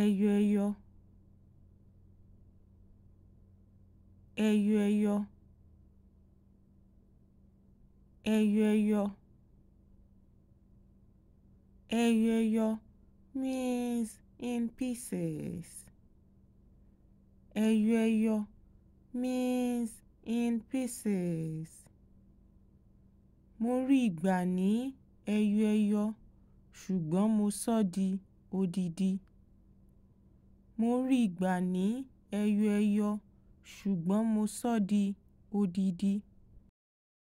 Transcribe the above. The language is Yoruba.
ẹyọ-ẹyọ ẹyọ-ẹyọ ẹyọ-ẹyọ ẹyọ-ẹyọ means in pieces ẹyọ-ẹyọ means in pieces mo rí i gbà ní ẹyọ-ẹyọ ṣùgbọ́n mo sọ di odidi mo rí gbà ní ẹyọ ẹyọ ṣùgbọ́n mo sọ ọ́ di odidi